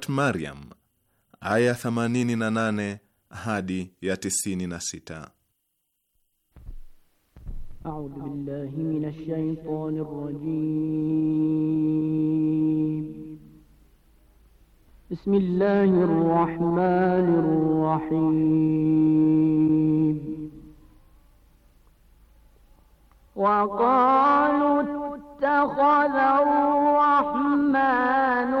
Surat Maryam aya 88 hadi ya 96. A'udhu billahi minash Wa qalu ittakhadha ar-rahmanu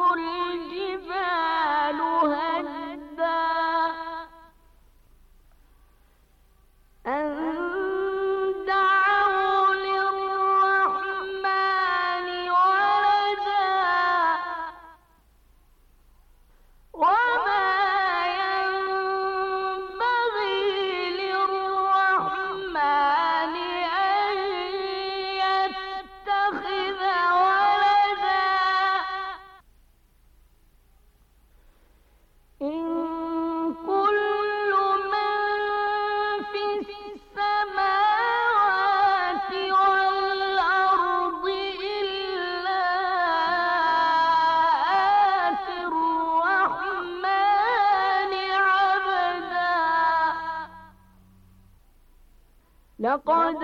لقد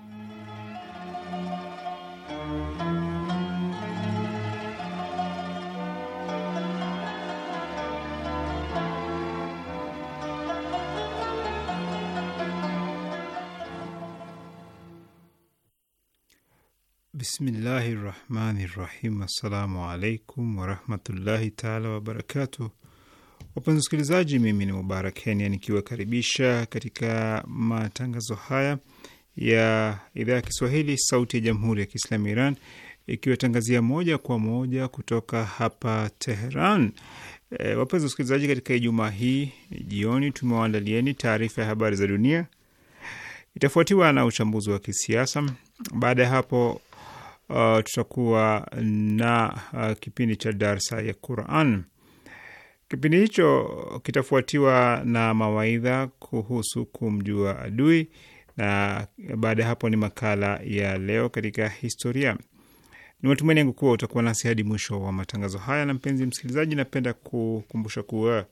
Bismillahi rahmani rahim. Assalamu alaikum warahmatullahi taala wabarakatu Wapenzi wasikilizaji, mimi ni Mubarak Kenya nikiwakaribisha katika matangazo haya ya idhaa ya Kiswahili sauti ya jamhuri ya Kiislamu ya Iran ikiwatangazia moja kwa moja kutoka hapa Teheran. E, wapenzi wasikilizaji, katika Ijumaa hii jioni tumewaandalieni taarifa ya habari za dunia, itafuatiwa na uchambuzi wa kisiasa. Baada ya hapo uh, tutakuwa na uh, kipindi cha darsa ya Quran. Kipindi hicho kitafuatiwa na mawaidha kuhusu kumjua adui, na baada ya hapo ni makala ya leo katika historia. Ni matumaini yangu kuwa utakuwa nasi hadi mwisho wa matangazo haya. Na mpenzi msikilizaji, napenda kukumbusha kuwa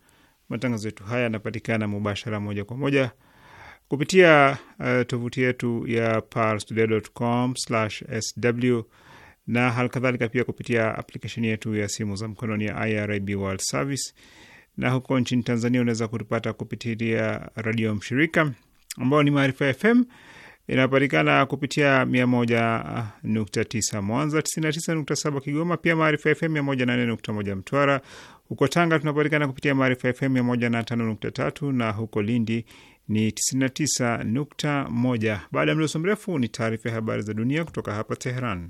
matangazo yetu haya yanapatikana mubashara, moja kwa moja kupitia uh, tovuti yetu ya parstoday.com/sw na halikadhalika pia kupitia aplikesheni yetu ya simu za mkononi ya IRIB World Service, na huko nchini Tanzania unaweza kutupata kupitia radio mshirika ambayo ni Maarifa FM, inapatikana kupitia 101.9 Mwanza, 99.7 Kigoma, pia Maarifa FM 108.1 Mtwara. Huko Tanga tunapatikana kupitia Maarifa FM 105.3 na huko Lindi ni 99.1. Baada ya mdoso mrefu ni taarifa ya habari za dunia kutoka hapa Teheran.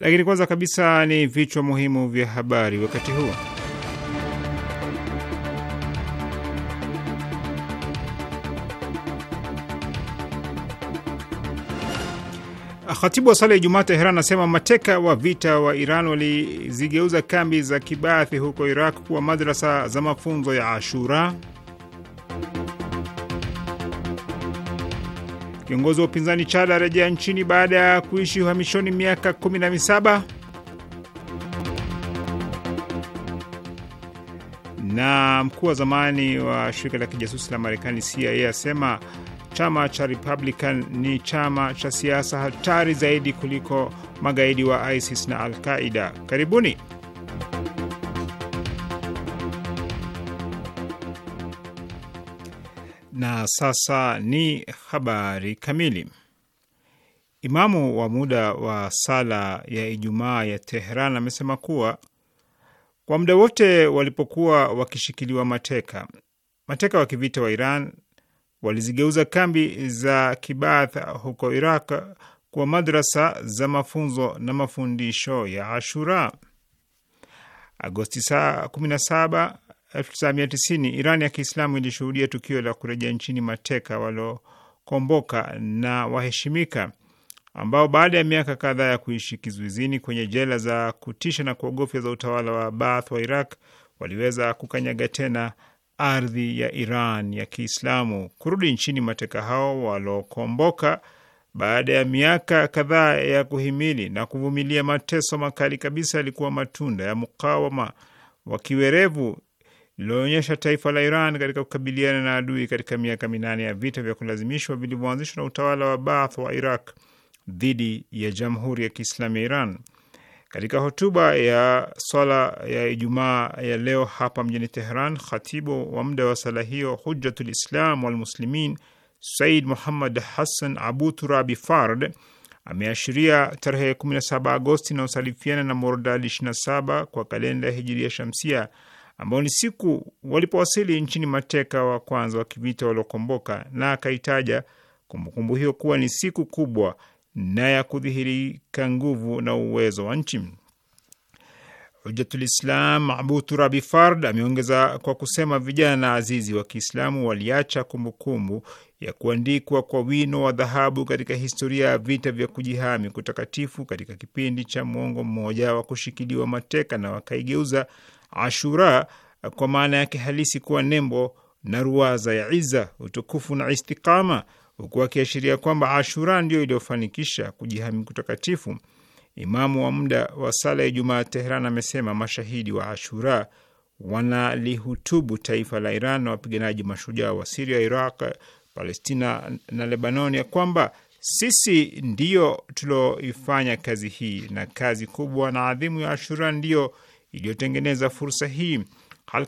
Lakini kwanza kabisa ni vichwa muhimu vya habari wakati huu. Khatibu wa sala ya Ijumaa Teheran anasema mateka wa vita wa Iran walizigeuza kambi za kibathi huko Iraq kuwa madrasa za mafunzo ya Ashura. Kiongozi wa upinzani Chad arejea nchini baada ya kuishi uhamishoni miaka kumi na saba na mkuu wa zamani wa shirika la kijasusi la Marekani CIA asema chama cha Republican ni chama cha siasa hatari zaidi kuliko magaidi wa ISIS na Al Qaida. Karibuni. Na sasa ni habari kamili. Imamu wa muda wa sala ya Ijumaa ya Teheran amesema kuwa kwa muda wote walipokuwa wakishikiliwa mateka, mateka wa kivita wa Iran walizigeuza kambi za Kibath huko Iraq kuwa madrasa za mafunzo na mafundisho ya Ashura. Agosti saa 1990 Iran ya Kiislamu ilishuhudia tukio la kurejea nchini mateka waliokomboka na waheshimika ambao baada ya miaka kadhaa ya kuishi kizuizini kwenye jela za kutisha na kuogofya za utawala wa Baath wa Iraq waliweza kukanyaga tena ardhi ya Iran ya Kiislamu. Kurudi nchini mateka hao waliokomboka baada ya miaka kadhaa ya kuhimili na kuvumilia mateso makali kabisa yalikuwa matunda ya mukawama wa kiwerevu lililoonyesha taifa la Iran katika kukabiliana na adui katika miaka minane ya vita vya kulazimishwa vilivyoanzishwa na utawala wa Baath wa Iraq dhidi ya Jamhuri ya Kiislamu ya Iran. Katika hotuba ya swala ya Ijumaa ya leo hapa mjini teheran khatibu wa muda wa sala hiyo Hujjatul Islam Walmuslimin Said Muhammad Hassan Abu Turabi Fard ameashiria tarehe 17 Agosti inayosalifiana na Mordad 27 kwa kalenda hijiria shamsia ambao ni siku walipowasili nchini mateka wa kwanza wa kivita waliokomboka, na akaitaja kumbukumbu hiyo kuwa ni siku kubwa na ya kudhihirika nguvu na uwezo wa nchi. Hujatulislam Abu Turabi Fard ameongeza kwa kusema, vijana azizi wa Kiislamu waliacha kumbukumbu ya kuandikwa kwa wino wa dhahabu katika historia ya vita vya kujihami kutakatifu katika kipindi cha mwongo mmoja wa kushikiliwa mateka, na wakaigeuza Ashura kwa maana yake halisi kuwa nembo na ruwaza ya iza, utukufu na istikama, huku akiashiria kwamba Ashura ndiyo iliyofanikisha kujihami kutakatifu. Imamu wa muda wa sala ya Jumaa Teheran amesema mashahidi wa Ashura wanalihutubu taifa la Iran na wapiganaji mashujaa wa Siria, Iraq, Palestina na Lebanon ya kwamba sisi ndiyo tulioifanya kazi hii na kazi kubwa na adhimu ya Ashura ndiyo iliyotengeneza fursa hii.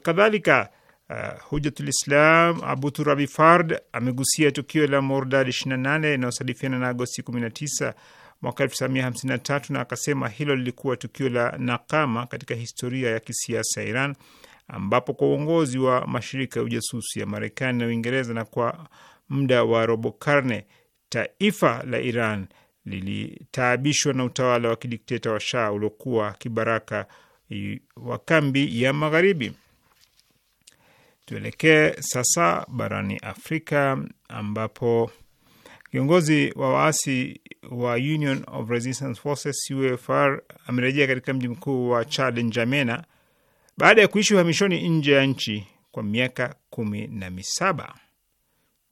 kadhalika uh, Hujatulislam Abu Turabi Fard amegusia tukio la Mordad 28 inayosadifiana na Agosti 19 mwaka 1953 na akasema hilo lilikuwa tukio la nakama katika historia ya kisiasa ya Iran ambapo kwa uongozi wa mashirika ya ujasusi ya Marekani na Uingereza na kwa muda wa robo karne taifa la Iran lilitaabishwa na utawala wa kidikteta wa Shah uliokuwa kibaraka wa kambi ya magharibi. Tuelekee sasa barani Afrika ambapo kiongozi wa waasi wa Union of Resistance Forces UFR amerejea katika mji mkuu wa Chad, njamena baada ya kuishi uhamishoni nje ya nchi kwa miaka kumi na misaba.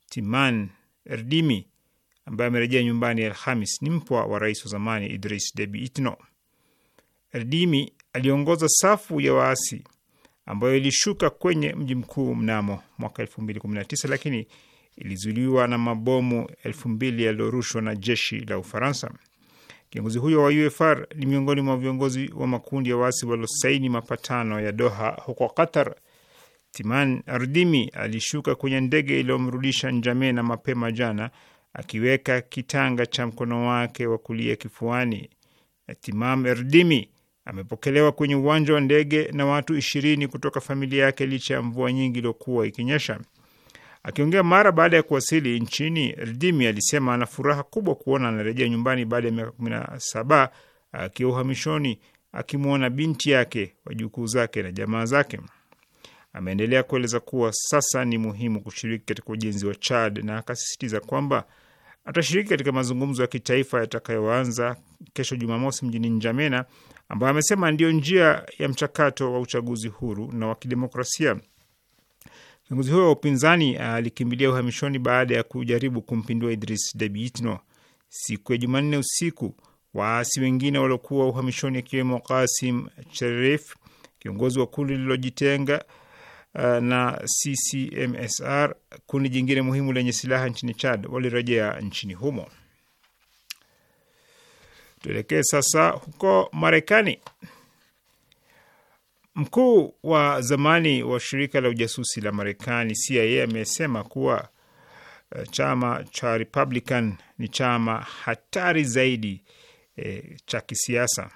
Timan Erdimi ambaye amerejea nyumbani Alhamis ni mpwa wa rais wa zamani Idris Deby Itno. Erdimi aliongoza safu ya waasi ambayo ilishuka kwenye mji mkuu mnamo mwaka 2019 lakini ilizuliwa na mabomu 2000 yaliyorushwa na jeshi la Ufaransa. Kiongozi huyo wa UFR ni miongoni mwa viongozi wa makundi ya waasi waliosaini mapatano ya Doha huko Qatar. Timan Ardimi alishuka kwenye ndege iliyomrudisha Njamena mapema jana akiweka kitanga cha mkono wake wa kulia kifuani. Timam Erdimi amepokelewa kwenye uwanja wa ndege na watu ishirini kutoka familia yake licha ya mvua nyingi iliyokuwa ikinyesha. Akiongea mara baada ya kuwasili nchini, rdimi alisema ana furaha kubwa kuona anarejea nyumbani baada ya miaka kumi na saba akiwa uhamishoni, akimwona binti yake, wajukuu zake na jamaa zake. Ameendelea kueleza kuwa sasa ni muhimu kushiriki katika ujenzi wa Chad na akasisitiza kwamba atashiriki katika mazungumzo ya kitaifa yatakayoanza kesho Jumamosi mjini Njamena, ambayo amesema ndiyo njia ya mchakato wa uchaguzi huru na wa kidemokrasia. Kiongozi huyo wa upinzani uh, alikimbilia uhamishoni baada ya kujaribu kumpindua Idris Deby Itno siku ya Jumanne usiku. Waasi wengine waliokuwa uhamishoni akiwemo Kasim Cherif, kiongozi wa kundi lililojitenga Eh, na CCMSR, kundi jingine muhimu lenye silaha nchini Chad, walirejea nchini humo. Tuelekee sasa huko Marekani. Mkuu wa zamani wa shirika la ujasusi la Marekani CIA amesema kuwa eh, chama cha Republican ni chama hatari zaidi e, cha kisiasa.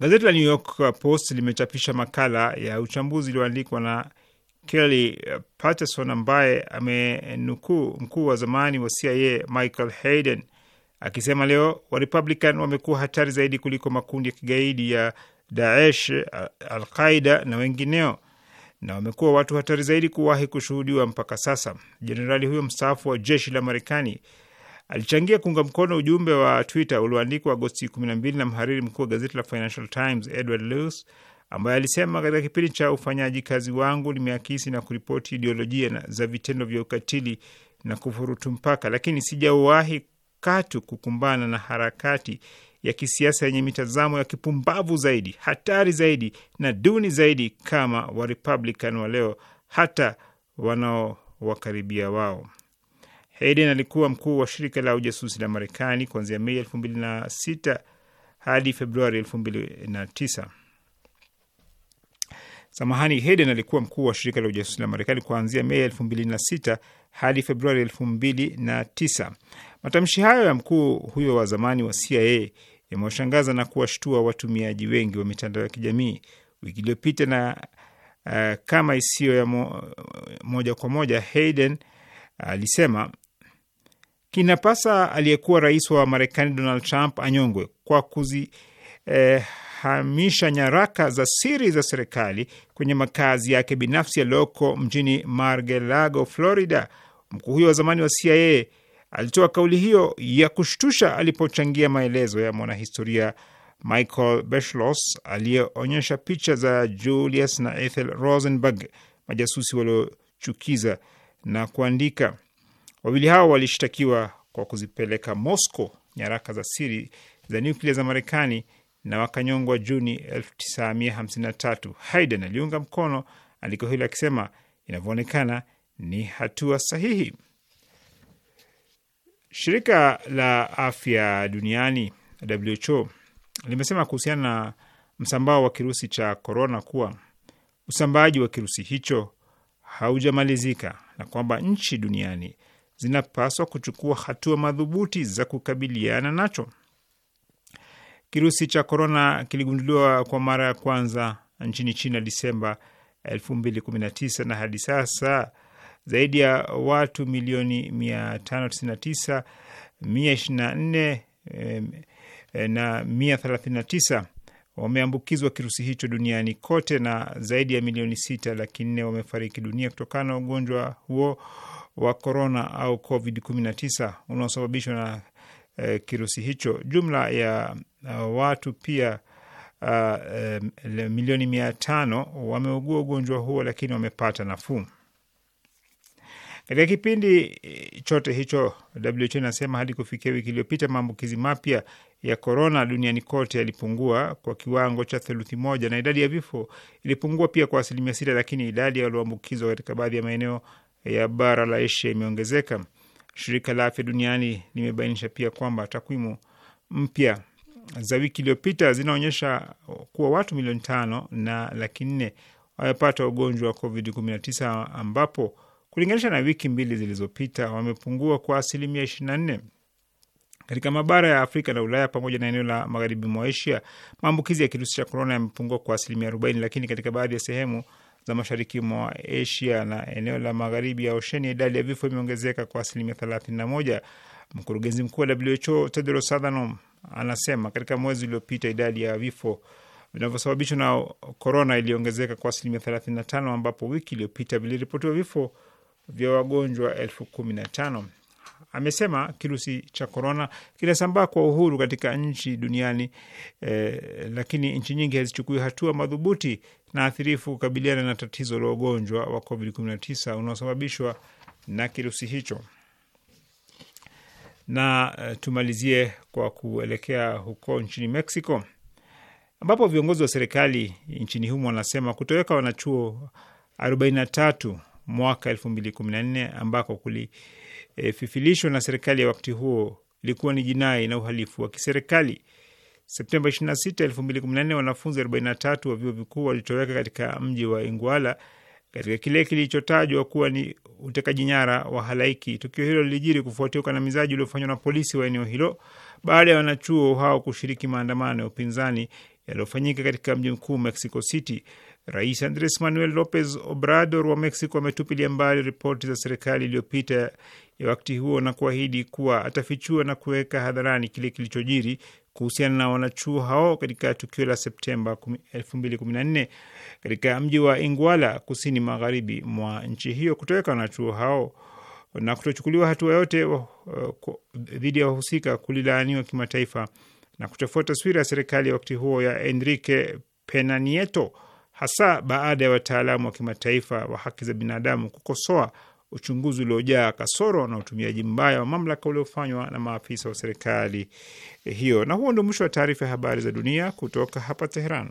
Gazeti la New York Post limechapisha makala ya uchambuzi iliyoandikwa na Kelly Patterson ambaye amenukuu mkuu wa zamani wa CIA Michael Hayden akisema leo Warepublican wamekuwa hatari zaidi kuliko makundi ya kigaidi ya Daesh, al qaida na wengineo, na wamekuwa watu hatari zaidi kuwahi kushuhudiwa mpaka sasa. Jenerali huyo mstaafu wa jeshi la Marekani Alichangia kuunga mkono ujumbe wa Twitter ulioandikwa Agosti 12 na mhariri mkuu wa gazeti la Financial Times Edward Lewis ambaye alisema, katika kipindi cha ufanyaji kazi wangu limeakisi na kuripoti ideolojia za vitendo vya ukatili na kufurutu mpaka, lakini sijawahi katu kukumbana na harakati ya kisiasa yenye mitazamo ya kipumbavu zaidi, hatari zaidi na duni zaidi kama Warepublican wa leo, hata wanaowakaribia wao. Hayden alikuwa mkuu wa shirika la ujasusi la Marekani kuanzia Mei 2006 hadi Februari 2009. Samahani, Hayden alikuwa mkuu wa shirika la ujasusi la Marekani kuanzia Mei 2006 hadi Februari 2009. Matamshi hayo ya mkuu huyo wa zamani wa CIA yamewashangaza na kuwashtua watumiaji wengi wa mitandao ya kijamii wiki iliyopita, na uh, kama isiyo ya mo, moja kwa moja Hayden alisema kinapasa aliyekuwa rais wa Marekani Donald Trump anyongwe kwa kuzihamisha eh, nyaraka za siri za serikali kwenye makazi yake binafsi yaliyoko mjini margelago Florida. Mkuu huyo wa zamani wa CIA alitoa kauli hiyo ya kushtusha alipochangia maelezo ya mwanahistoria Michael Beschloss aliyeonyesha picha za Julius na Ethel Rosenberg, majasusi waliochukiza na kuandika Wawili hao walishtakiwa kwa kuzipeleka Moscow nyaraka za siri za nyuklia za Marekani na wakanyongwa Juni 1953. Hayden aliunga mkono andiko hilo akisema inavyoonekana ni hatua sahihi. Shirika la afya duniani WHO limesema kuhusiana na msambao wa kirusi cha korona kuwa usambaaji wa kirusi hicho haujamalizika na kwamba nchi duniani zinapaswa kuchukua hatua madhubuti za kukabiliana nacho. Kirusi cha korona kiligunduliwa kwa mara ya kwanza nchini China Disemba 2019 na hadi sasa zaidi ya watu milioni 599 e, na 139 wameambukizwa kirusi hicho duniani kote na zaidi ya milioni sita laki nne wamefariki dunia kutokana na ugonjwa huo wa korona au COVID-19 unaosababishwa na e, kirusi hicho. Jumla ya eh, watu pia uh, e, milioni mia tano wameugua ugonjwa huo, lakini wamepata nafuu. Katika kipindi chote hicho, WHO inasema hadi kufikia wiki iliyopita maambukizi mapya ya korona duniani kote yalipungua kwa kiwango cha theluthi moja na idadi ya vifo ilipungua pia kwa asilimia sita, lakini idadi ya walioambukizwa katika baadhi ya maeneo ya bara la Asia imeongezeka. Shirika la Afya Duniani limebainisha pia kwamba takwimu mpya za wiki iliyopita zinaonyesha kuwa watu milioni tano na laki nne wamepata ugonjwa wa COVID-19 ambapo kulinganisha na wiki mbili zilizopita wamepungua kwa asilimia 24. Katika mabara ya Afrika na Ulaya pamoja na eneo la magharibi mwa Asia, maambukizi ya kirusi cha korona yamepungua kwa asilimia 40, lakini katika baadhi ya sehemu za mashariki mwa Asia na eneo la magharibi ya Osheni, idadi ya vifo imeongezeka kwa asilimia moja. Mkurugenzi mkuu wa WHO Tedros Adhanom anasema katika mwezi uliopita idadi ya vifo vinavyosababishwa na korona iliongezeka kwa asilimia 35, ambapo wiki iliyopita viliripotiwa vifo vya wagonjwa elfu kumi na tano amesema kirusi cha korona kinasambaa kwa uhuru katika nchi duniani e, lakini nchi nyingi hazichukui hatua madhubuti na athirifu kukabiliana na tatizo la ugonjwa wa COVID-19 unaosababishwa na kirusi hicho. Na eh, tumalizie kwa kuelekea huko nchini Mexico ambapo viongozi wa serikali nchini humo wanasema kutoweka wanachuo 43 mwaka 2014 ambako kuli e, fifilishwa na serikali ya wakati huo ilikuwa ni jinai na uhalifu wa kiserikali. Septemba 26, 2014 wanafunzi 43 wa vyuo vikuu walitoweka katika mji wa Ingwala katika kile kilichotajwa kuwa ni utekaji nyara wa halaiki. Tukio hilo lilijiri kufuatia ukandamizaji uliofanywa na polisi wa eneo hilo baada ya wanachuo hao kushiriki maandamano ya upinzani yaliyofanyika katika mji mkuu Mexico City. Rais Andres Manuel Lopez Obrador wa Mexico ametupilia mbali ripoti za serikali iliyopita ya wakati huo na kuahidi kuwa atafichua na kuweka hadharani kile kilichojiri kuhusiana na wanachuo hao katika tukio la Septemba 2014 katika mji wa Ingwala, kusini magharibi mwa nchi hiyo. Kutoweka wanachuo hao na kutochukuliwa hatua yote uh, dhidi ya wahusika kulilaaniwa kimataifa na kuchafua taswira ya serikali ya wakati huo ya Enrique Pena Nieto hasa baada ya wataalamu wa kimataifa wa haki za binadamu kukosoa uchunguzi uliojaa kasoro na utumiaji mbaya wa mamlaka uliofanywa na maafisa wa serikali hiyo. Na huo ndio mwisho wa taarifa ya habari za dunia kutoka hapa Teheran.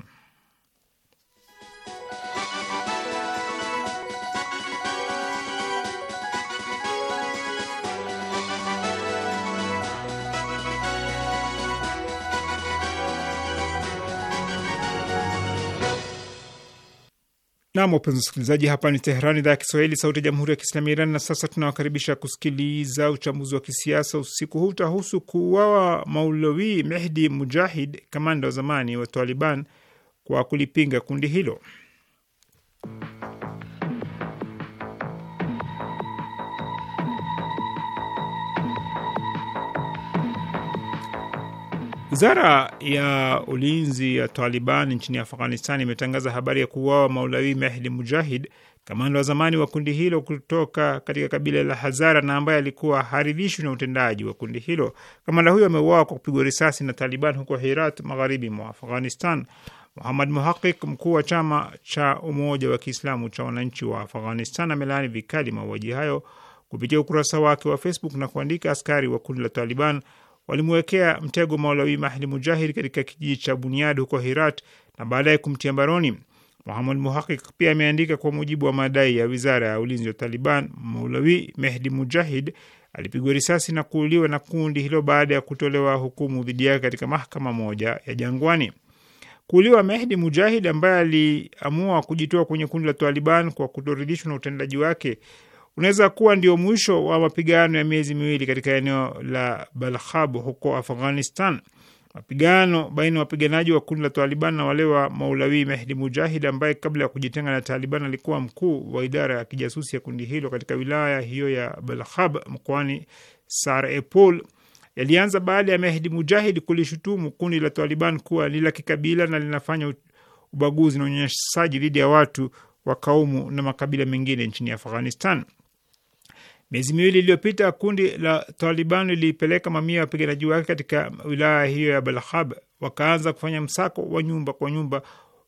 Nam, wapenzi wasikilizaji, hapa ni Teherani, idhaa ya Kiswahili, sauti ya jamhuri ya kiislami ya Iran. Na sasa tunawakaribisha kusikiliza uchambuzi wa kisiasa usiku huu. Utahusu kuuawa Maulawi Mehdi Mujahid, kamanda wa zamani wa Taliban, kwa kulipinga kundi hilo. Wizara ya ulinzi ya Taliban nchini Afghanistan imetangaza habari ya kuuawa Maulawi Mehdi Mujahid, kamanda wa zamani wa kundi hilo kutoka katika kabila la Hazara na ambaye alikuwa haridhishwi na utendaji wa kundi hilo. Kamanda huyo ameuawa kwa kupigwa risasi na Taliban huko Herat, magharibi mwa Afghanistan. Muhamad Muhaqiq, mkuu wa chama cha Umoja wa Kiislamu cha Wananchi wa Afghanistan, amelaani vikali mauaji hayo kupitia ukurasa wake wa Facebook na kuandika, askari wa kundi la Taliban walimwekea mtego Maulawi Mahdi Mujahid katika kijiji cha Bunyad huko Hirat na baadaye kumtia mbaroni. Muhamad Muhaqiq pia ameandika, kwa mujibu wa madai ya wizara ya ulinzi wa Taliban, Maulawi Mehdi Mujahid alipigwa risasi na kuuliwa na kundi hilo baada ya kutolewa hukumu dhidi yake katika mahakama moja ya jangwani. Kuuliwa Mehdi Mujahid ambaye aliamua kujitoa kwenye kundi la Taliban kwa kutoridhishwa na utendaji wake unaweza kuwa ndio mwisho wa mapigano ya miezi miwili katika eneo la Balkhab huko Afghanistan. Mapigano baina ya wapiganaji wa kundi la Taliban na wale wa Maulawi Mehdi Mujahid ambaye kabla ya kujitenga na Taliban alikuwa mkuu wa idara ya kijasusi ya kundi hilo katika wilaya hiyo ya Balkhab mkoani Sarepol yalianza baada ya Mehdi Mujahid kulishutumu kundi la Taliban kuwa ni la kikabila na linafanya ubaguzi na unyanyasaji dhidi ya watu wa kaumu na makabila mengine nchini Afghanistan. Miezi miwili iliyopita kundi la Taliban lilipeleka mamia ya wapiganaji wake katika wilaya hiyo ya Balkhab, wakaanza kufanya msako wa nyumba kwa nyumba,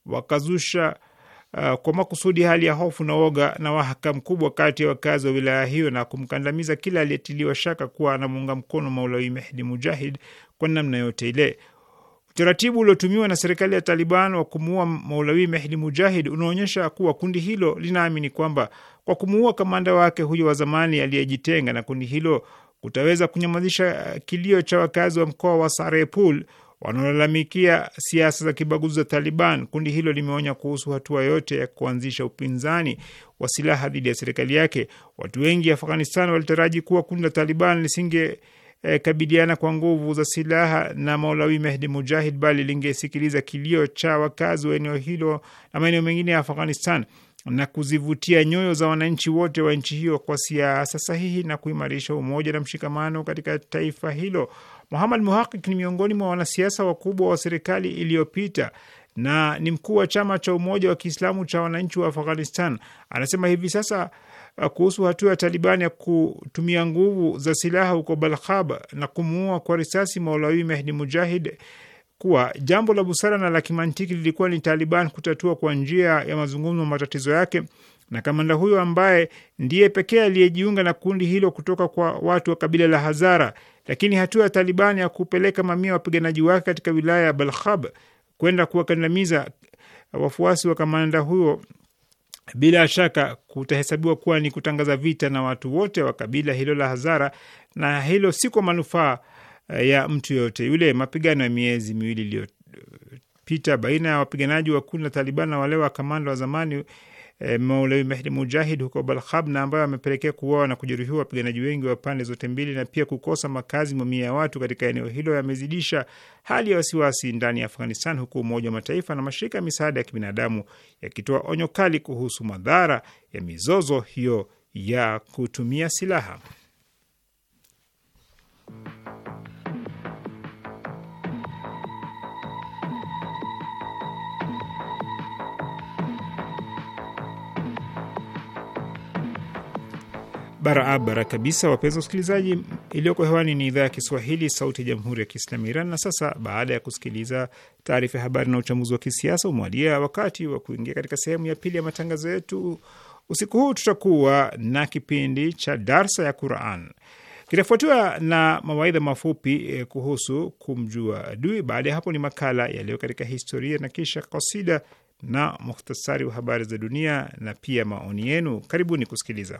wakazusha uh, kwa makusudi hali ya hofu na woga na wahaka mkubwa kati ya wakazi wa wilaya hiyo na kumkandamiza kila aliyetiliwa shaka kuwa anamuunga mkono Maulawi Mehdi Mujahid kwa namna yote ile. Utaratibu uliotumiwa na serikali ya Taliban wa kumuua Maulawi Mehdi Mujahid unaonyesha kuwa kundi hilo linaamini kwamba kwa kumuua kamanda wake huyo wa zamani aliyejitenga na kundi hilo kutaweza kunyamazisha eh, kilio cha wakazi wa mkoa wa Sarepul wanaolalamikia siasa za kibaguzi za Taliban. Kundi hilo limeonya kuhusu hatua yote ya kuanzisha upinzani wa silaha dhidi ya serikali yake. Watu wengi Afghanistan walitaraji kuwa kundi la Taliban lisinge e, eh, kabidiana kwa nguvu za silaha na Maulawi Mehdi Mujahid, bali lingesikiliza kilio cha wakazi wa eneo hilo na maeneo mengine ya Afghanistan na kuzivutia nyoyo za wananchi wote wa nchi hiyo kwa siasa sahihi na kuimarisha umoja na mshikamano katika taifa hilo. Muhammad Muhaqiq ni miongoni mwa wanasiasa wakubwa wa serikali iliyopita na ni mkuu wa chama cha umoja wa Kiislamu cha wananchi wa Afghanistan. Anasema hivi sasa Eh, kuhusu hatua ya Talibani ya kutumia nguvu za silaha huko Balkhab na kumuua kwa risasi Maulawi Mehdi Mujahid kuwa jambo la busara na la kimantiki lilikuwa ni Taliban kutatua kwa njia ya mazungumzo matatizo yake, na kamanda huyo ambaye ndiye pekee aliyejiunga na kundi hilo kutoka kwa watu wa kabila la Hazara. Lakini hatua ya Taliban ya kupeleka mamia wapiganaji wake katika wilaya ya Balkhab kwenda kuwakandamiza wafuasi wa kamanda huyo bila shaka kutahesabiwa kuwa ni kutangaza vita na watu wote wa kabila hilo la Hazara, na hilo si kwa manufaa eh, ya mtu yoyote yule. Mapigano ya miezi miwili iliyopita baina ya wapiganaji wa kundi la Taliban na wale wa kamanda wa zamani Eh, Maulawi Mehdi Mujahid huko Balkhab na ambayo amepelekea kuuawa na kujeruhiwa wapiganaji wengi wa pande zote mbili na pia kukosa makazi mamia ya watu katika eneo hilo yamezidisha hali ya wasiwasi ndani ya Afghanistan, huku Umoja wa Mataifa na mashirika ya misaada ya kibinadamu yakitoa onyo kali kuhusu madhara ya mizozo hiyo ya kutumia silaha. barabara kabisa, wapenzi wasikilizaji, iliyoko hewani ni idhaa ya Kiswahili, sauti ya jamhuri ya kiislamu ya Iran. Na sasa baada ya kusikiliza taarifa ya habari na uchambuzi wa kisiasa, umewadia wakati wa kuingia katika sehemu ya pili ya matangazo yetu. Usiku huu tutakuwa na kipindi cha darsa ya Quran, kitafuatiwa na mawaidha mafupi e, kuhusu kumjua adui. Baada ya hapo ni makala yaliyo katika historia na kisha kasida na muhtasari wa habari za dunia na pia maoni yenu. Karibuni kusikiliza.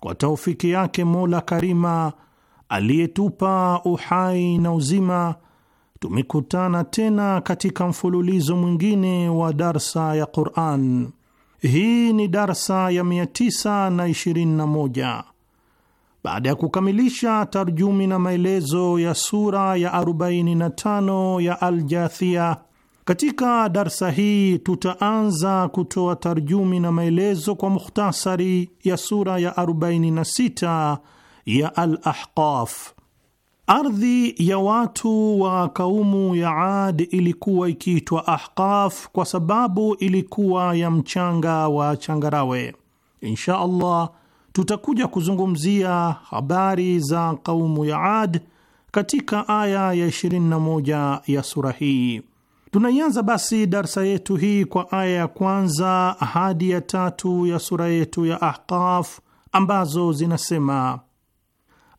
kwa taufiki yake Mola Karima aliyetupa uhai na uzima, tumekutana tena katika mfululizo mwingine wa darsa ya Quran. Hii ni darsa ya 921 baada ya kukamilisha tarjumi na maelezo ya sura ya 45 ya Aljathia. Katika darsa hii tutaanza kutoa tarjumi na maelezo kwa mukhtasari ya sura ya 46 ya Al-Ahqaf. Ardhi ya watu wa kaumu ya Ad ilikuwa ikiitwa Ahqaf kwa sababu ilikuwa ya mchanga wa changarawe. Insha Allah tutakuja kuzungumzia habari za kaumu ya Ad katika aya ya 21 ya sura hii. Tunaianza basi darsa yetu hii kwa aya ya kwanza hadi ya tatu ya sura yetu ya Ahqaf ambazo zinasema: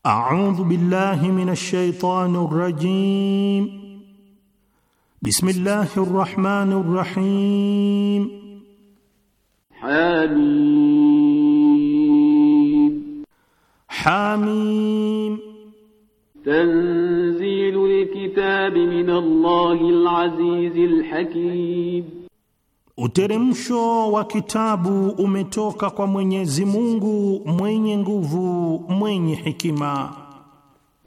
audhu billahi min shaitani rajim, bismillahi rahmani rrahim, hamim hamim تنزيل الكتاب من الله العزيز الحكيم Uteremsho wa kitabu umetoka kwa Mwenyezi Mungu mwenye nguvu mwenye hikima.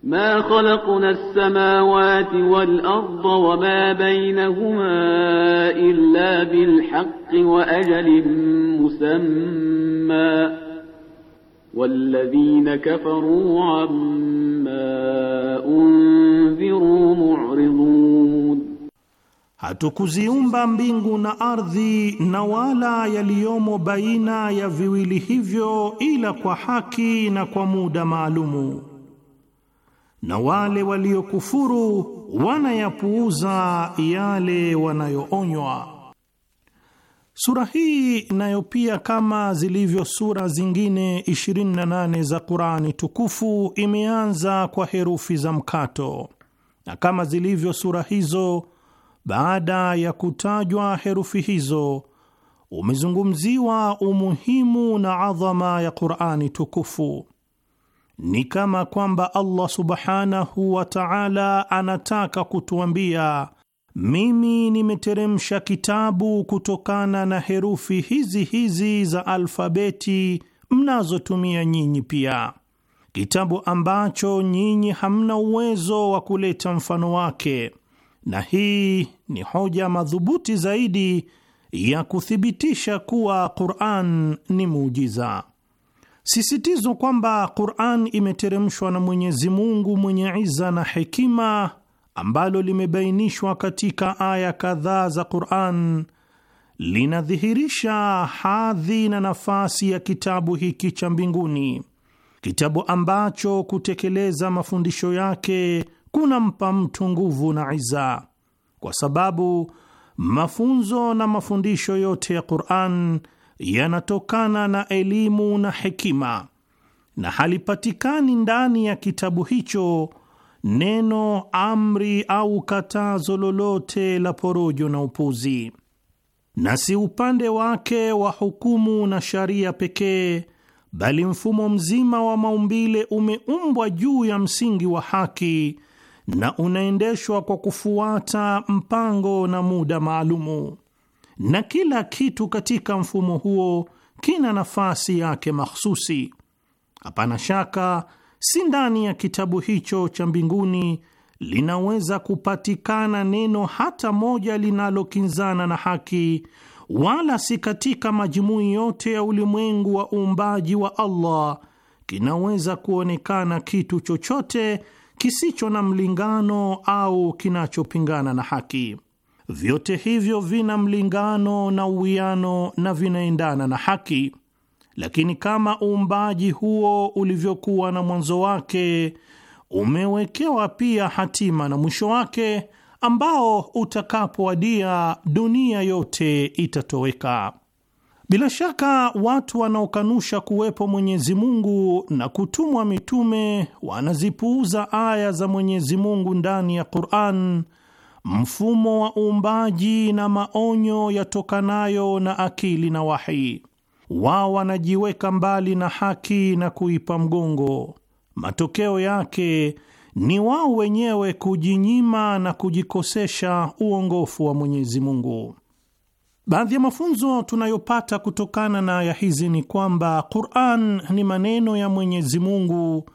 Ma khalaqna as-samawati wal-ardha wa ma illa bil haqqi wa ajalin musamma والذين كفروا عما أنذروا معرضون Hatukuziumba mbingu na ardhi na wala yaliyomo baina ya viwili hivyo ila kwa haki na kwa muda maalumu, na wale waliokufuru wanayapuuza yale wanayoonywa. Sura hii nayo pia kama zilivyo sura zingine 28 za Qurani tukufu imeanza kwa herufi za mkato, na kama zilivyo sura hizo, baada ya kutajwa herufi hizo umezungumziwa umuhimu na adhama ya Qurani tukufu. Ni kama kwamba Allah subhanahu wa taala anataka kutuambia mimi nimeteremsha kitabu kutokana na herufi hizi hizi za alfabeti mnazotumia nyinyi pia, kitabu ambacho nyinyi hamna uwezo wa kuleta mfano wake, na hii ni hoja madhubuti zaidi ya kuthibitisha kuwa Qur'an ni muujiza. Sisitizo kwamba Qur'an imeteremshwa na Mwenyezi Mungu mwenye iza na hekima ambalo limebainishwa katika aya kadhaa za Qur'an linadhihirisha hadhi na nafasi ya kitabu hiki cha mbinguni, kitabu ambacho kutekeleza mafundisho yake kunampa mtu nguvu na iza, kwa sababu mafunzo na mafundisho yote ya Qur'an yanatokana na elimu na hekima, na halipatikani ndani ya kitabu hicho neno, amri au katazo lolote la porojo na upuzi, na si upande wake wa hukumu na sharia pekee, bali mfumo mzima wa maumbile umeumbwa juu ya msingi wa haki na unaendeshwa kwa kufuata mpango na muda maalumu, na kila kitu katika mfumo huo kina nafasi yake mahsusi. Hapana shaka si ndani ya kitabu hicho cha mbinguni linaweza kupatikana neno hata moja linalokinzana na haki, wala si katika majumui yote ya ulimwengu wa uumbaji wa Allah kinaweza kuonekana kitu chochote kisicho na mlingano au kinachopingana na haki. Vyote hivyo vina mlingano na uwiano na vinaendana na haki. Lakini kama uumbaji huo ulivyokuwa na mwanzo wake, umewekewa pia hatima na mwisho wake, ambao utakapowadia dunia yote itatoweka. Bila shaka watu wanaokanusha kuwepo Mwenyezi Mungu na kutumwa mitume wanazipuuza aya za Mwenyezi Mungu ndani ya Qur'an, mfumo wa uumbaji na maonyo yatokanayo na akili na wahi wao wanajiweka mbali na haki na kuipa mgongo. Matokeo yake ni wao wenyewe kujinyima na kujikosesha uongofu wa Mwenyezi Mungu. Baadhi ya mafunzo tunayopata kutokana na aya hizi ni kwamba Qur'an ni maneno ya Mwenyezi Mungu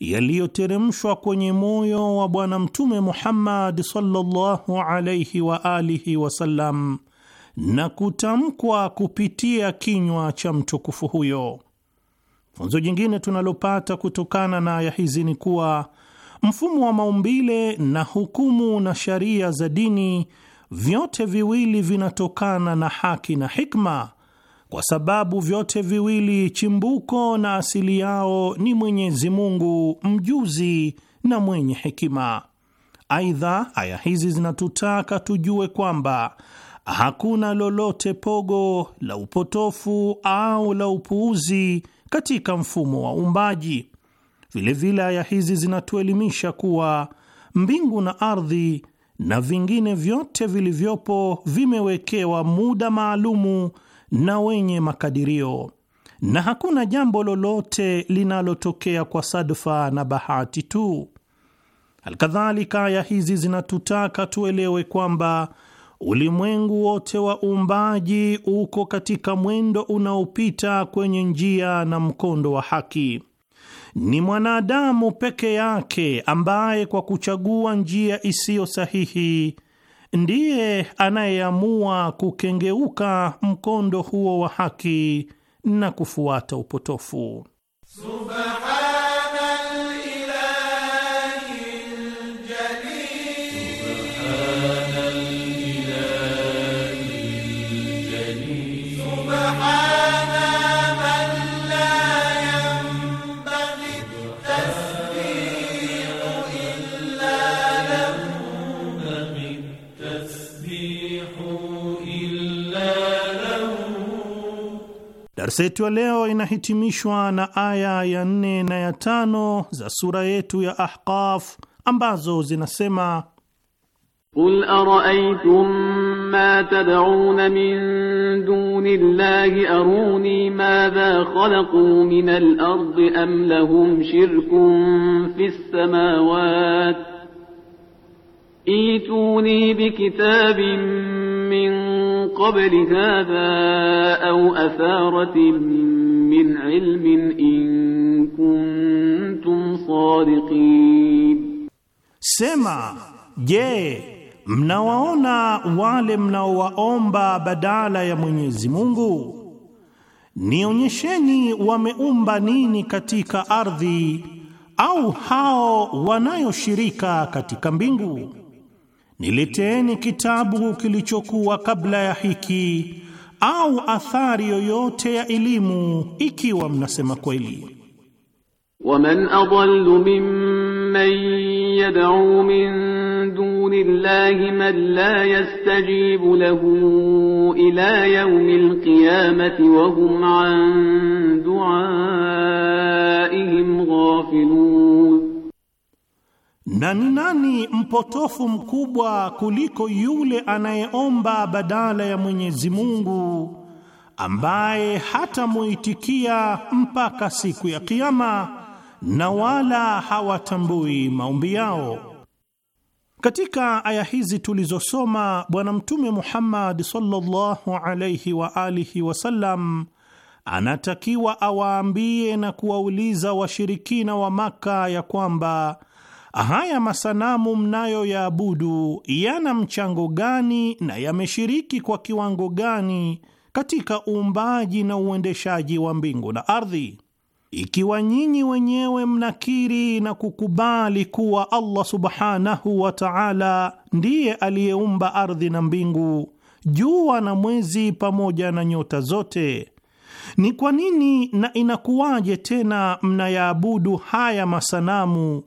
yaliyoteremshwa kwenye moyo wa Bwana Mtume Muhammad sallallahu alayhi wa alihi wasallam na kutamkwa kupitia kinywa cha mtukufu huyo. Funzo jingine tunalopata kutokana na aya hizi ni kuwa mfumo wa maumbile na hukumu na sharia za dini vyote viwili vinatokana na haki na hikma, kwa sababu vyote viwili chimbuko na asili yao ni Mwenyezi Mungu mjuzi na mwenye hekima. Aidha, aya hizi zinatutaka tujue kwamba hakuna lolote pogo la upotofu au la upuuzi katika mfumo wa uumbaji. Vilevile aya hizi zinatuelimisha kuwa mbingu na ardhi na vingine vyote vilivyopo vimewekewa muda maalumu na wenye makadirio, na hakuna jambo lolote linalotokea kwa sadfa na bahati tu. Alkadhalika, aya hizi zinatutaka tuelewe kwamba ulimwengu wote wa uumbaji uko katika mwendo unaopita kwenye njia na mkondo wa haki. Ni mwanadamu peke yake ambaye kwa kuchagua njia isiyo sahihi ndiye anayeamua kukengeuka mkondo huo wa haki na kufuata upotofu Subhan Darsa yetu ya leo inahitimishwa na aya ya nne na ya tano za sura yetu ya Ahqaf ambazo zinasema: Qul ara'aytum ma tad'un min duni llahi aruni madha khalaqu min al-ardi am lahum shirkun fis samawati ايتوني بكتاب من قبل هذا أو أثارة من علم إن كنتم صادقين sema je, mnawaona wale mnaowaomba badala ya Mwenyezi Mungu? Nionyesheni wameumba nini katika ardhi, au hao wanayoshirika katika mbingu? nileteni kitabu kilichokuwa kabla ya hiki au athari yoyote ya elimu ikiwa mnasema kweli. Waman adallu mimman yad'u min duni Allahi man la yastajibu lahu ila yawmil qiyamati wa hum an du'aihim ghafilun Na ni nani mpotofu mkubwa kuliko yule anayeomba badala ya Mwenyezi Mungu ambaye hatamuitikia mpaka siku ya Kiyama na wala hawatambui maombi yao. Katika aya hizi tulizosoma, Bwana Mtume Muhammad sallallahu alayhi wa alihi wasallam anatakiwa awaambie na kuwauliza washirikina wa Maka ya kwamba haya masanamu mnayoyaabudu yana mchango gani na yameshiriki kwa kiwango gani katika uumbaji na uendeshaji wa mbingu na ardhi? Ikiwa nyinyi wenyewe mnakiri na kukubali kuwa Allah subhanahu wa ta'ala ndiye aliyeumba ardhi na mbingu, jua na mwezi, pamoja na nyota zote, ni kwa nini na inakuwaje tena mnayaabudu haya masanamu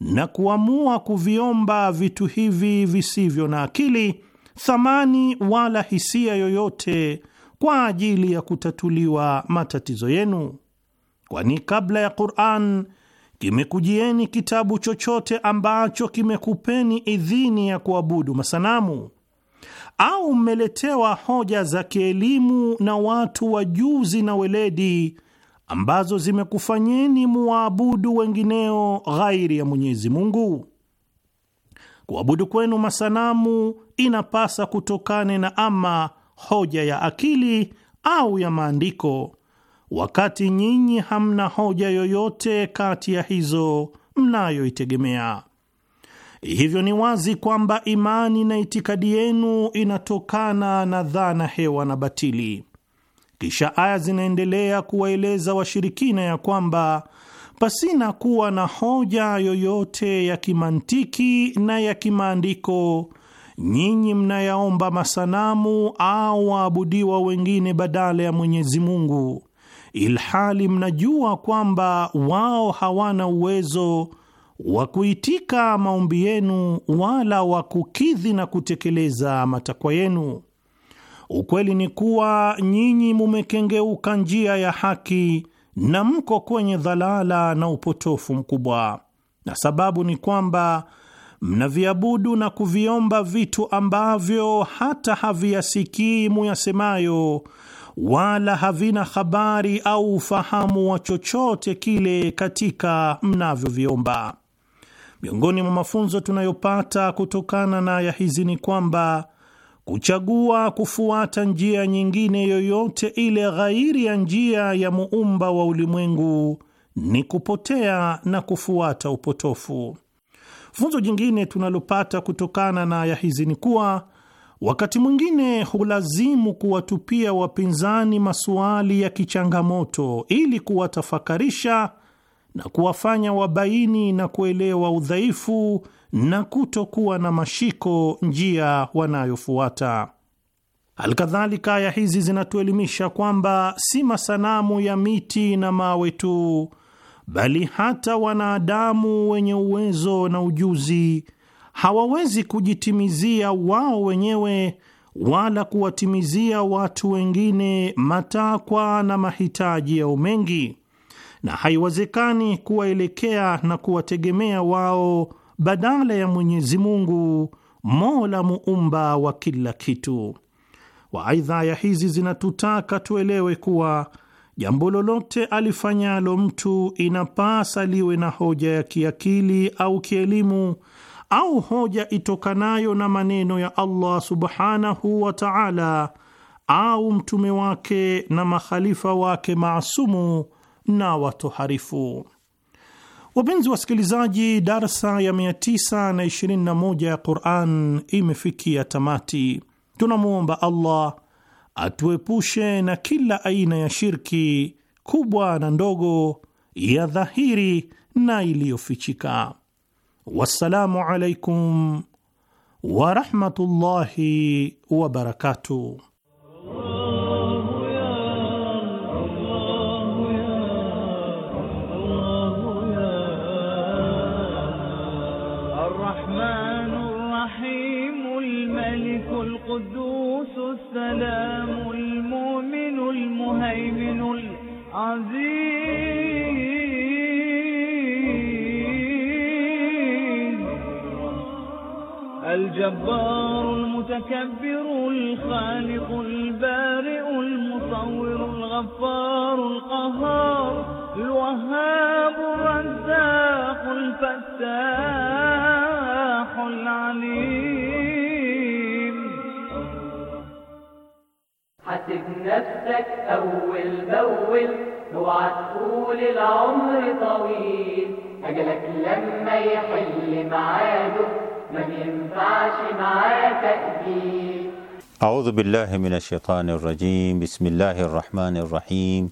na kuamua kuviomba vitu hivi visivyo na akili, thamani wala hisia yoyote kwa ajili ya kutatuliwa matatizo yenu? Kwani kabla ya Qur'an kimekujieni kitabu chochote ambacho kimekupeni idhini ya kuabudu masanamu? Au mmeletewa hoja za kielimu na watu wajuzi na weledi ambazo zimekufanyeni muwaabudu wengineo ghairi ya Mwenyezi Mungu? Kuabudu kwenu masanamu inapasa kutokane na ama hoja ya akili au ya maandiko, wakati nyinyi hamna hoja yoyote kati ya hizo mnayoitegemea. Hivyo ni wazi kwamba imani na itikadi yenu inatokana na dhana hewa na batili. Kisha aya zinaendelea kuwaeleza washirikina ya kwamba pasina kuwa na hoja yoyote ya kimantiki na ya kimaandiko, nyinyi mnayaomba masanamu au waabudiwa wengine badala ya Mwenyezi Mungu, ilhali mnajua kwamba wao hawana uwezo wa kuitika maombi yenu wala wa kukidhi na kutekeleza matakwa yenu. Ukweli ni kuwa nyinyi mumekengeuka njia ya haki na mko kwenye dhalala na upotofu mkubwa, na sababu ni kwamba mnaviabudu na kuviomba vitu ambavyo hata haviyasikii muyasemayo, wala havina habari au ufahamu wa chochote kile katika mnavyoviomba. Miongoni mwa mafunzo tunayopata kutokana na aya hizi ni kwamba kuchagua kufuata njia nyingine yoyote ile ghairi ya njia ya muumba wa ulimwengu ni kupotea na kufuata upotofu. Funzo jingine tunalopata kutokana na aya hizi ni kuwa wakati mwingine hulazimu kuwatupia wapinzani masuali ya kichangamoto ili kuwatafakarisha na kuwafanya wabaini na kuelewa udhaifu na kutokuwa na mashiko njia wanayofuata. Alkadhalika, aya hizi zinatuelimisha kwamba si masanamu ya miti na mawe tu, bali hata wanadamu wenye uwezo na ujuzi hawawezi kujitimizia wao wenyewe wala kuwatimizia watu wengine matakwa na mahitaji yao mengi na haiwezekani kuwaelekea na kuwategemea wao badala ya Mwenyezi Mungu, Mola muumba wa kila kitu. Waaidha, ya hizi zinatutaka tuelewe kuwa jambo lolote alifanyalo mtu inapasa liwe na hoja ya kiakili au kielimu au hoja itokanayo na maneno ya Allah subhanahu wa ta'ala au mtume wake na makhalifa wake maasumu na watoharifu. Wapenzi wasikilizaji, darsa ya 921 ya Quran imefikia tamati. Tunamwomba Allah atuepushe na kila aina ya shirki kubwa na ndogo, ya dhahiri na iliyofichika. Wassalamu alaikum warahmatullahi wabarakatuh. الملك القدوس السلام المؤمن المهيمن العزيز الجبار المتكبر الخالق البارئ المصور الغفار القهار الوهاب الرزاق الفتاح العليم حاسب نفسك أول بأول اوعى تقول العمر طويل أجلك لما يحل معاده ما ينفعش معاه تأجيل أعوذ بالله من الشيطان الرجيم بسم الله الرحمن الرحيم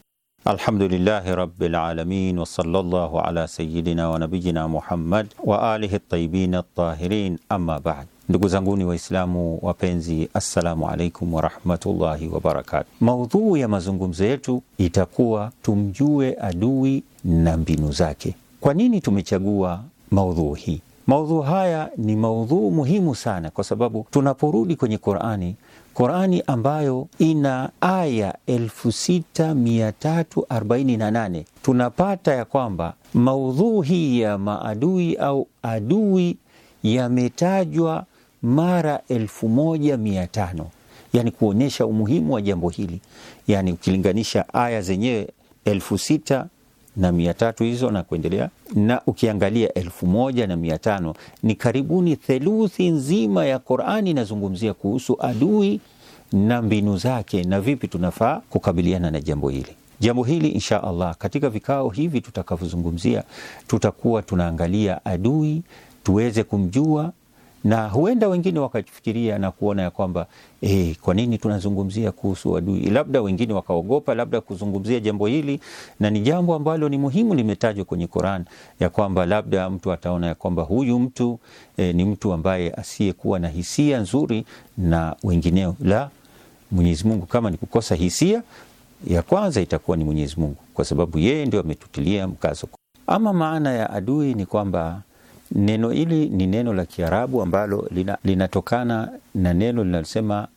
الحمد لله رب العالمين وصلى الله على سيدنا ونبينا محمد وآله الطيبين الطاهرين أما بعد Ndugu zangu ni Waislamu wapenzi, assalamu alaikum warahmatullahi wabarakatu. Maudhuu ya mazungumzo yetu itakuwa tumjue adui na mbinu zake. Kwa nini tumechagua maudhuu hii? Maudhuu haya ni maudhuu muhimu sana, kwa sababu tunaporudi kwenye Qurani, Qurani ambayo ina aya 6348 tunapata ya kwamba maudhuu hii ya maadui au adui yametajwa mara elfu moja mia tano yani kuonyesha umuhimu wa jambo hili, yani ukilinganisha aya zenyewe elfu sita na mia tatu hizo na kuendelea, na ukiangalia elfu moja na mia tano ni karibuni theluthi nzima ya Qurani inazungumzia kuhusu adui na mbinu zake na vipi tunafaa kukabiliana na jambo hili. Jambo hili insha Allah, katika vikao hivi tutakavyozungumzia, tutakuwa tunaangalia adui tuweze kumjua na huenda wengine wakafikiria na kuona ya kwamba eh, kwa nini tunazungumzia kuhusu adui? Labda wengine wakaogopa labda kuzungumzia jambo hili, na ni jambo ambalo ni muhimu, limetajwa kwenye Qur'an ya kwamba labda mtu ataona ya kwamba huyu mtu eh, ni mtu ambaye asiyekuwa na hisia nzuri na wengineo. La, Mwenyezi Mungu, kama ni kukosa hisia ya kwanza itakuwa ni Mwenyezi Mungu, kwa sababu yeye ndio ametutilia mkazo. Ama maana ya adui ni kwamba Neno hili ni neno la Kiarabu ambalo lina, linatokana na neno linalosema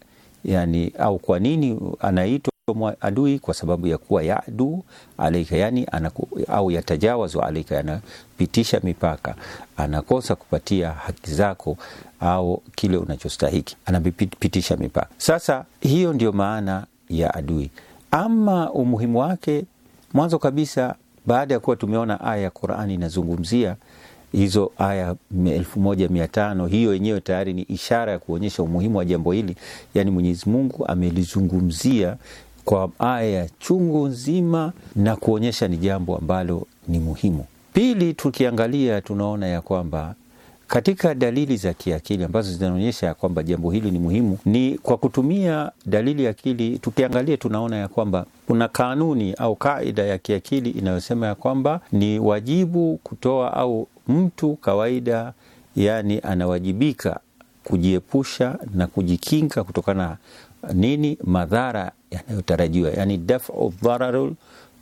yani, au kwa nini anaitwa adui? Kwa sababu ya kuwa yadu alaika, yani anaku, au yatajawazu alaika, anapitisha mipaka, anakosa kupatia haki zako au kile unachostahiki, anapitisha mipaka. Sasa hiyo ndio maana ya adui. Ama umuhimu wake, mwanzo kabisa, baada ya kuwa tumeona aya ya Qurani inazungumzia hizo aya elfu moja mia tano hiyo yenyewe tayari ni ishara ya kuonyesha umuhimu wa jambo hili. yani Mwenyezi Mungu amelizungumzia kwa aya chungu nzima na kuonyesha ni jambo ambalo ni muhimu. Pili, tukiangalia tunaona ya kwamba katika dalili za kiakili ambazo zinaonyesha kwamba jambo hili ni muhimu ni kwa kutumia dalili ya akili. Tukiangalia tunaona ya kwamba kuna kanuni au kaida ya kiakili inayosema ya kwamba ni wajibu kutoa au mtu kawaida, yani anawajibika kujiepusha na kujikinga kutokana nini madhara yanayotarajiwa, yani dafu dhararul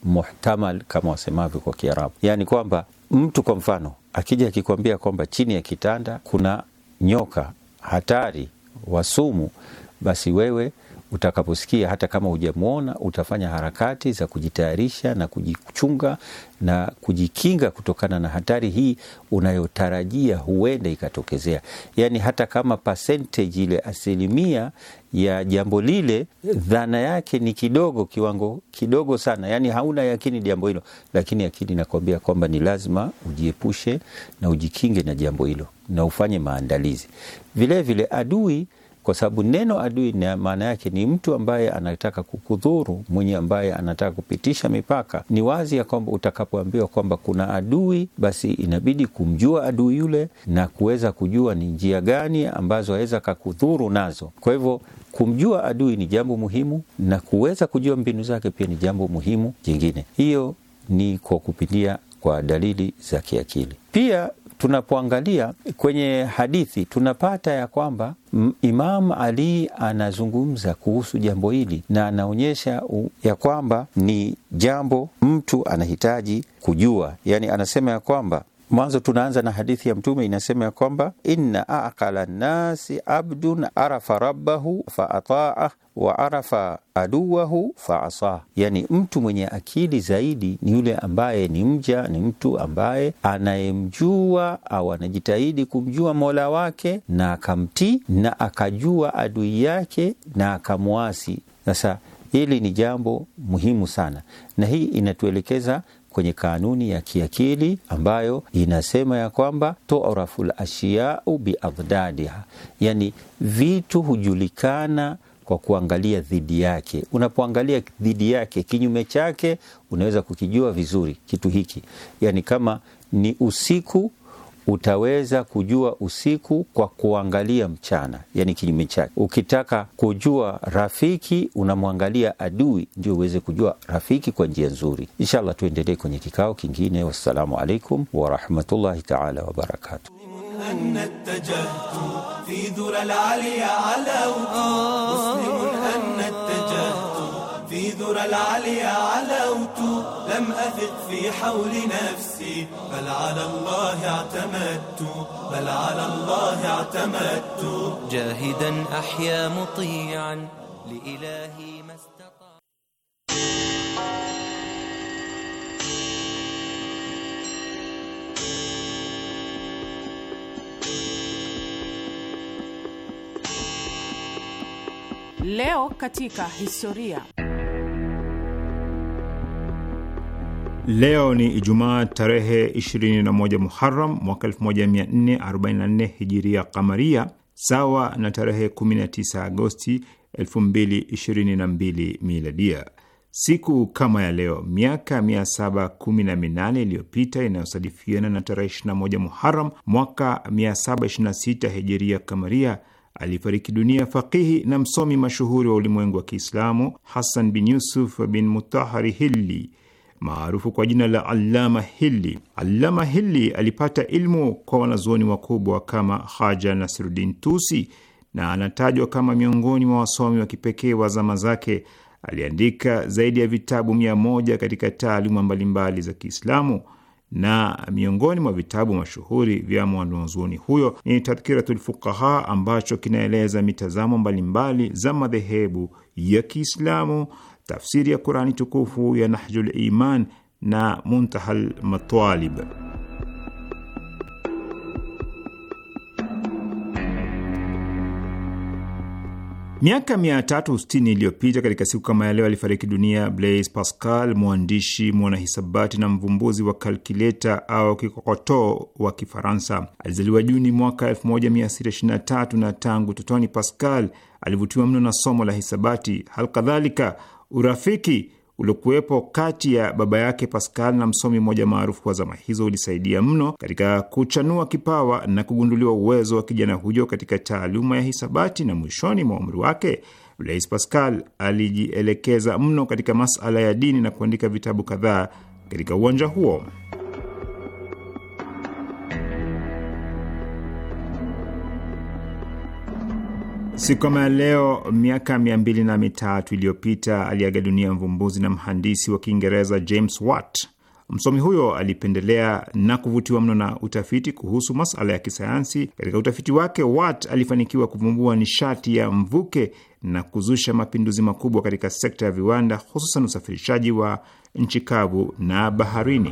muhtamal kama wasemavyo kwa Kiarabu, yani kwamba mtu kwa mfano akija akikwambia kwamba chini ya kitanda kuna nyoka hatari wasumu, basi wewe utakaposikia hata kama hujamwona utafanya harakati za kujitayarisha na kujichunga na kujikinga kutokana na hatari hii unayotarajia huenda ikatokezea. Yaani hata kama percentage ile asilimia ya jambo lile dhana yake ni kidogo, kiwango kidogo sana, yaani hauna yakini jambo hilo, lakini akini inakwambia kwamba ni lazima ujiepushe na ujikinge na jambo hilo na ufanye maandalizi. Vilevile vile, adui kwa sababu neno adui na maana yake ni mtu ambaye anataka kukudhuru, mwenye ambaye anataka kupitisha mipaka. Ni wazi ya kwamba utakapoambiwa kwamba kuna adui, basi inabidi kumjua adui yule na kuweza kujua ni njia gani ambazo aweza kakudhuru nazo. Kwa hivyo kumjua adui ni jambo muhimu, na kuweza kujua mbinu zake pia ni jambo muhimu jingine. Hiyo ni kwa kupitia kwa dalili za kiakili. Pia tunapoangalia kwenye hadithi tunapata ya kwamba Imam Ali anazungumza kuhusu jambo hili na anaonyesha ya kwamba ni jambo mtu anahitaji kujua, yani anasema ya kwamba Mwanzo tunaanza na hadithi ya Mtume inasema ya kwamba inna aqala nnasi abdun arafa rabbahu fa ataa wa arafa aduwahu fa asa yani mtu mwenye akili zaidi ni yule ambaye ni mja, ni mtu ambaye anayemjua au anajitahidi kumjua mola wake na akamtii na akajua adui yake na akamwasi. Sasa hili ni jambo muhimu sana, na hii inatuelekeza kwenye kanuni ya kiakili ambayo inasema ya kwamba tuarafu lashyau biadadiha, yani vitu hujulikana kwa kuangalia dhidi yake. Unapoangalia dhidi yake, kinyume chake, unaweza kukijua vizuri kitu hiki. Yani kama ni usiku utaweza kujua usiku kwa kuangalia mchana, yani kinyume chake. Ukitaka kujua rafiki unamwangalia adui, ndio uweze kujua rafiki kwa njia nzuri. Inshallah, tuendelee kwenye kikao kingine. Wassalamu alaikum warahmatullahi taala wabarakatuh. لم أثق في حول نفسي بل على الله اعتمدت بل على الله اعتمدت جاهدا أحيا مطيعا لإلهي ما استطاع Leo katika historia. Leo ni Ijumaa tarehe 21 muharam mwaka 1444 hijiria kamaria, sawa na tarehe 19 Agosti 2022 miladia. Siku kama ya leo miaka 718 iliyopita inayosadifiana na tarehe 21 muharam mwaka 726 hijiria kamaria alifariki dunia faqihi na msomi mashuhuri wa ulimwengu wa Kiislamu Hassan bin Yusuf bin Mutahari Hilli maarufu kwa jina la Allama Hilli. Allama Hilli alipata ilmu kwa wanazuoni wakubwa kama Haja Nasruddin Tusi na anatajwa kama miongoni mwa wasomi wa kipekee wa zama zake. Aliandika zaidi ya vitabu mia moja katika taaluma mbalimbali za Kiislamu na miongoni mwa vitabu mashuhuri vya mwanazuoni huyo ni Tadhkiratul Fuqaha ambacho kinaeleza mitazamo mbalimbali za madhehebu ya Kiislamu tafsiri ya Qurani tukufu ya Nahjul Iman na Muntahal matwalib Miaka 360 iliyopita katika siku kama ya leo alifariki dunia Blaise Pascal, mwandishi, mwanahisabati na mvumbuzi wa kalkileta au kikokotoo wa Kifaransa. Alizaliwa Juni mwaka 1623 na tangu totoni Pascal alivutiwa mno na somo la hisabati. Hal kadhalika Urafiki uliokuwepo kati ya baba yake Pascal na msomi mmoja maarufu wa zama hizo ulisaidia mno katika kuchanua kipawa na kugunduliwa uwezo wa kijana huyo katika taaluma ya hisabati, na mwishoni mwa umri wake Blaise Pascal alijielekeza mno katika masala ya dini na kuandika vitabu kadhaa katika uwanja huo. Siku kama leo miaka mia mbili na mitatu iliyopita aliaga dunia mvumbuzi na mhandisi wa Kiingereza James Watt. Msomi huyo alipendelea na kuvutiwa mno na utafiti kuhusu masuala ya kisayansi. Katika utafiti wake, Watt alifanikiwa kuvumbua nishati ya mvuke na kuzusha mapinduzi makubwa katika sekta ya viwanda, hususan usafirishaji wa nchi kavu na baharini.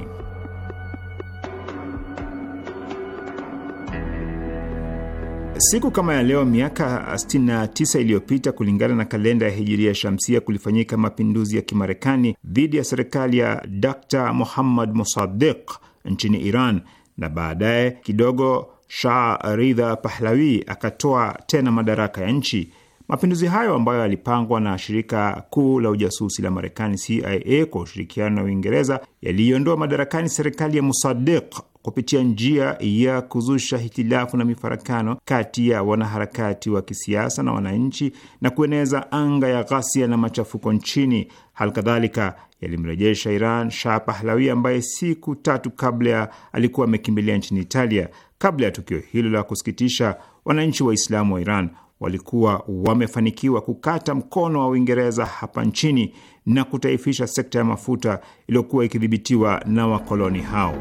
Siku kama ya leo miaka 69 iliyopita kulingana na kalenda ya hijiria shamsia kulifanyika mapinduzi ya Kimarekani dhidi ya serikali ya Dr Muhammad Musaddiq nchini Iran, na baadaye kidogo Shah Ridha Pahlavi akatoa tena madaraka ya nchi. Mapinduzi hayo ambayo yalipangwa na shirika kuu la ujasusi la Marekani CIA kwa ushirikiano na Uingereza yaliiondoa madarakani serikali ya Musaddiq kupitia njia ya kuzusha hitilafu na mifarakano kati ya wanaharakati wa kisiasa na wananchi na kueneza anga ya ghasia na machafuko nchini. kadhalika yalimrejesha Iran Shah Pahlawi ambaye siku tatu kabla alikuwa amekimbilia nchini Italia. Kabla ya tukio hilo la kusikitisha, wananchi Waislamu wa Iran walikuwa wamefanikiwa kukata mkono wa Uingereza hapa nchini na kutaifisha sekta ya mafuta iliyokuwa ikidhibitiwa na wakoloni hao.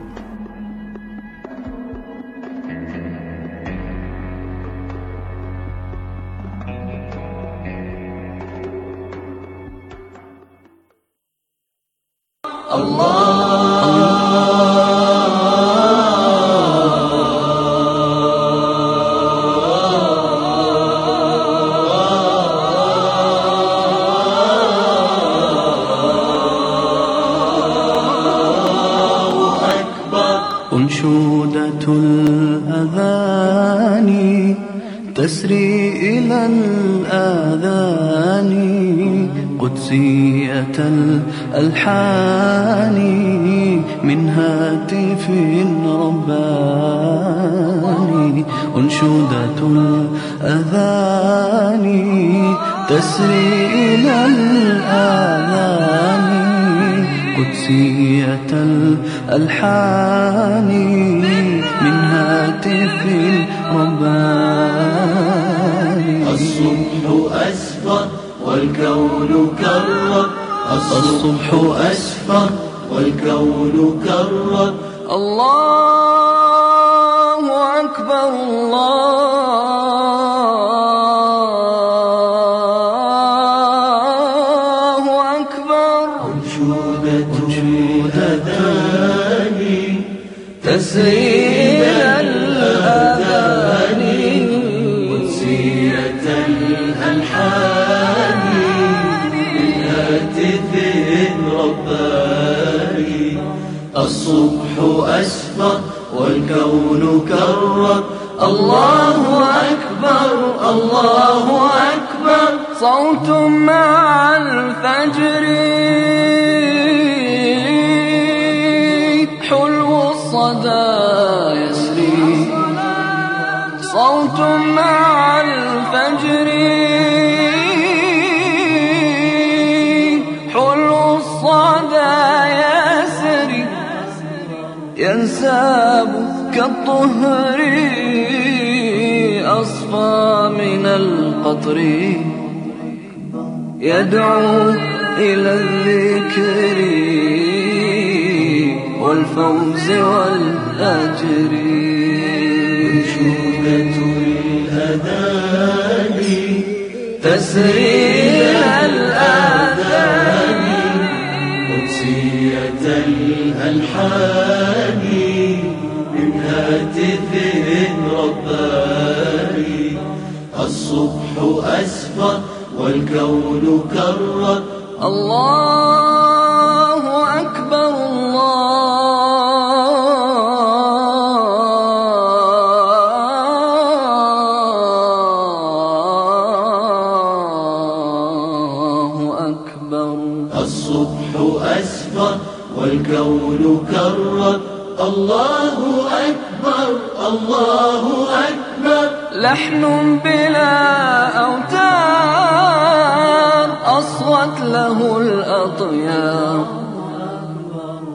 مكرر الله أكبر الله أكبر لحن بلا أوتار أصوت له الأطيار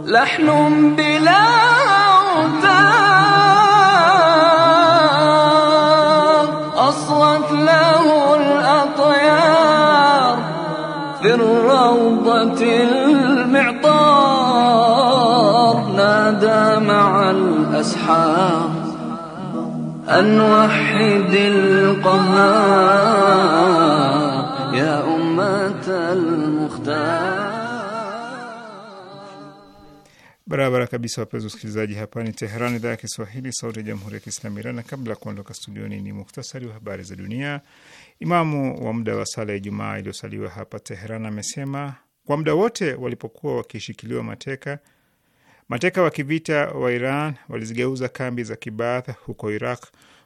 لحن بلا أوتار أصوت له الأطيار في الروضة أصحاب أن وحد القهار يا أمة المختار Barabara kabisa, wapenzi wasikilizaji, hapa ni Teheran, idhaa ya Kiswahili, sauti ya jamhuri ya kiislamu Iran. Na kabla ya kuondoka studioni, ni muhtasari wa habari za dunia. Imamu wa muda wa sala ya Ijumaa iliyosaliwa hapa Teheran amesema kwa muda wote walipokuwa wakishikiliwa mateka Mateka wa kivita wa Iran walizigeuza kambi za Kibath huko Iraq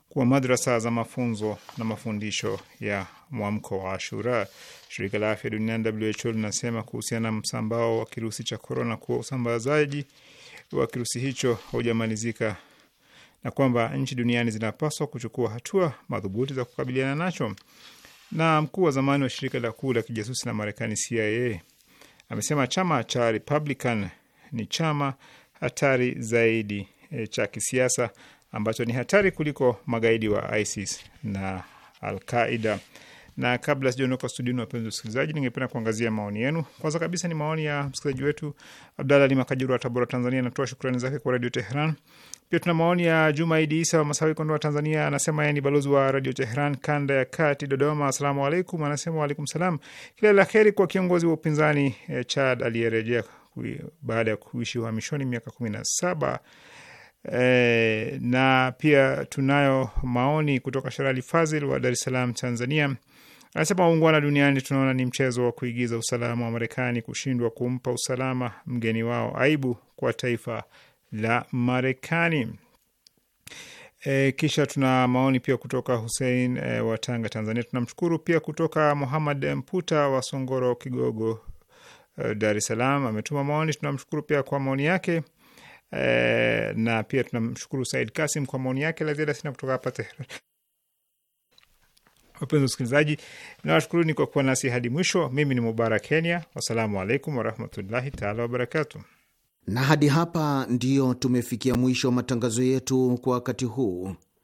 kuwa madrasa za mafunzo na mafundisho ya mwamko wa Ashura. Shirika la afya duniani WHO linasema kuhusiana na msambao wa kirusi cha korona kuwa usambazaji wa kirusi hicho haujamalizika na kwamba nchi duniani zinapaswa kuchukua hatua madhubuti za kukabiliana nacho. Na mkuu wa zamani wa shirika la kuu la kijasusi la Marekani CIA amesema chama cha Republican ni chama hatari zaidi e, cha kisiasa ambacho ni hatari kuliko magaidi wa ISIS na Alqaida. Na kabla sijaondoka studioni, wapenzi wasikilizaji, ningependa kuangazia maoni yenu. Kwanza kabisa ni maoni ya msikilizaji wetu Abdalla Ali Makajuru wa Tabora, Tanzania. Anatoa shukrani zake kwa Radio Tehran. Pia tuna maoni ya Juma Idi Isa wa Masawi, Kondoa, Tanzania. Anasema yeye ni balozi wa Radio Tehran kanda ya kati, Dodoma. Asalamu alaikum. Anasema waalaikum salam, kila la heri kwa kiongozi wa upinzani eh, Chad aliyerejea baada ya kuishi uhamishoni miaka kumi na saba. E, na pia tunayo maoni kutoka Sharali Fazil wa Dar es Salaam, Tanzania. Anasema waungwana duniani tunaona ni mchezo wa kuigiza usalama wa Marekani kushindwa kumpa usalama mgeni wao. Aibu kwa taifa la Marekani. E, kisha tuna maoni pia kutoka husein e, wa Tanga Tanzania. Tunamshukuru pia kutoka Muhammad Mputa wa Songoro Kigogo Eh, Dar es Salaam ametuma maoni. Tunamshukuru pia kwa maoni yake e, na pia tunamshukuru Said Kasim kwa maoni yake. La ziada sina kutoka hapa Tehran. Wapenzi wasikilizaji, nawashukuruni kwa kuwa nasi hadi mwisho. Mimi ni Mubarak Kenya, wassalamu alaikum warahmatullahi taala wabarakatu. Na hadi hapa ndiyo tumefikia mwisho wa matangazo yetu kwa wakati huu.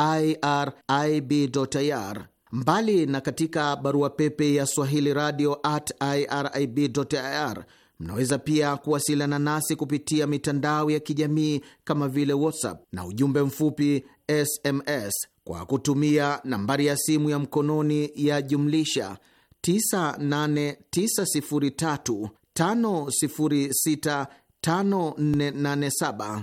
irib.ir, mbali na katika barua pepe ya swahili radio at irib.ir. Mnaweza pia kuwasiliana nasi kupitia mitandao ya kijamii kama vile WhatsApp na ujumbe mfupi SMS kwa kutumia nambari ya simu ya mkononi ya jumlisha 989035065487.